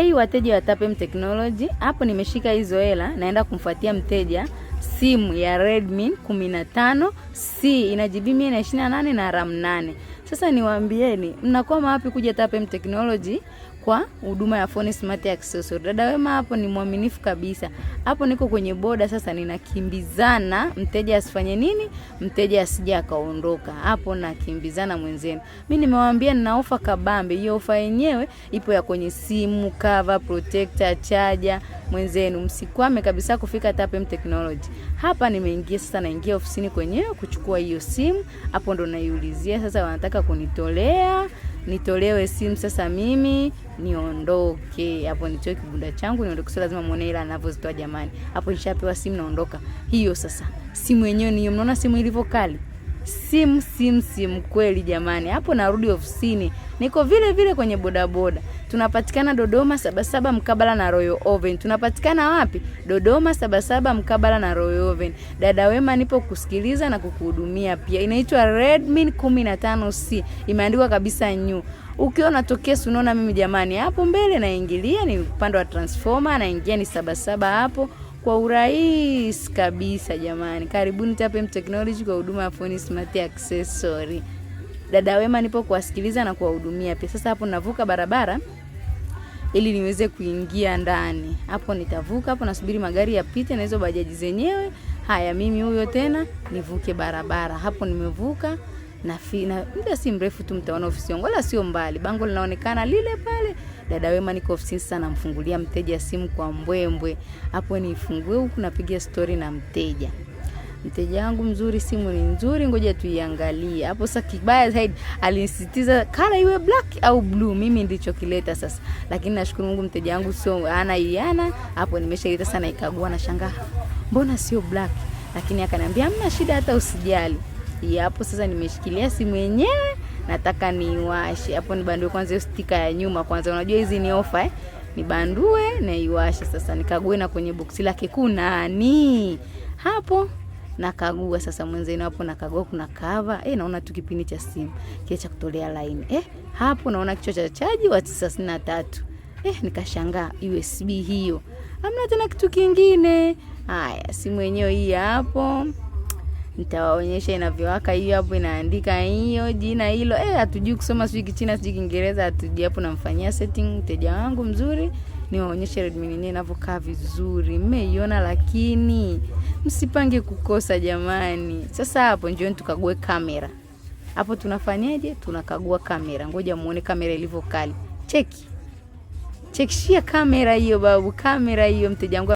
Hey wateja wa Tapem Technology, hapo nimeshika hizo hela, naenda kumfuatia mteja simu ya Redmi 15 C ina GB 128 na RAM 8. Sasa niwaambieni, mnakwama wapi kuja Tapem Technology kwa huduma ya Phone Smart Accessories. Dada Wema hapo ni mwaminifu kabisa. Hapo niko kwenye boda sasa, ninakimbizana mteja asifanye nini, mteja asije akaondoka hapo, nakimbizana mwenzenu. Mimi nimewaambia nina ofa kabambe. Hiyo ofa yenyewe ipo ya kwenye simu, cover, protector, charger. Mwenzenu msikwame kabisa kufika Tapem Technology. Hapa nimeingia sasa, naingia ofisini kwenyewe kuchukua hiyo simu, hapo ndo naiulizia sasa wanataka kunitolea nitolewe simu sasa, mimi niondoke hapo, nitoe kibunda changu niondoke, sio lazima muone ila anavyozitoa jamani. Hapo nishapewa simu, naondoka. Hiyo sasa simu yenyewe hiyo, mnaona simu ilivyo kali sim sim sim kweli jamani. Hapo narudi ofisini, niko vile vile kwenye bodaboda. Tunapatikana Dodoma Sabasaba mkabala na Royal Oven. Tunapatikana wapi? Dodoma Sabasaba mkabala na Royal Oven. Dada Wema, nipo kusikiliza na kukuhudumia pia. Inaitwa Redmin 15C, imeandikwa kabisa nyu ukiwa natokea unaona mimi jamani, hapo mbele naingilia ni upande wa transformer, naingia ni Sabasaba hapo kwa urahisi kabisa jamani. Karibuni Tapem Technology kwa huduma ya phone smart accessory. Dada Wema nipo kuwasikiliza na kuwahudumia pia. Sasa hapo navuka barabara ili niweze kuingia ndani. Hapo nitavuka hapo, nasubiri magari yapite na hizo bajaji zenyewe. Haya, mimi huyo tena nivuke barabara. Hapo nimevuka na muda si mrefu tu mtaona ofisi yangu, wala sio mbali, bango linaonekana lile pale. Dada Wema, niko ofisini sasa, namfungulia mteja simu kwa mbwembwe hapo, nifungue huku napiga stori na mteja mteja wangu mzuri, simu ni nzuri, ngoja tuiangalie hapo. Sasa kibaya zaidi alinisisitiza kala iwe black au blue, mimi ndicho kileta sasa, lakini nashukuru Mungu mteja wangu sio ana iana hapo, nimeshaileta sana, ikagua na shangaa, mbona sio black? Lakini akaniambia hamna shida, hata usijali. Hapo sasa nimeshikilia simu yenyewe nataka niiwashe. Hapo nibandue kwanza hiyo stika ya nyuma kwanza, unajua hizi ni ofa eh? Nibandue na iwashe sasa, nikague na kwenye boksi lake kuna kunani hapo nakagua sasa, mwenzenu hapo nakagua, kuna cover eh, naona tu kipindi cha simu kile cha kutolea line eh, hapo naona kichwa cha chaji wa 93 eh, nikashangaa USB hiyo, amna tena kitu kingine. Haya, simu yenyewe hii hapo nitawaonyesha inavyowaka. Hiyo hapo inaandika hiyo jina hilo, eh, hatujui kusoma, sijui Kichina, sijui Kiingereza, hatujui. Hapo namfanyia setting mteja wangu mzuri, niwaonyeshe Redmi nini inavyokaa vizuri. Mmeiona, lakini msipange kukosa jamani. Sasa hapo njooni tukague kamera. Hapo tunafanyaje? Tunakagua kamera. Ngoja muone kamera ilivyo kali. Cheki chekishia kamera hiyo babu, kamera hiyo mteja wangu.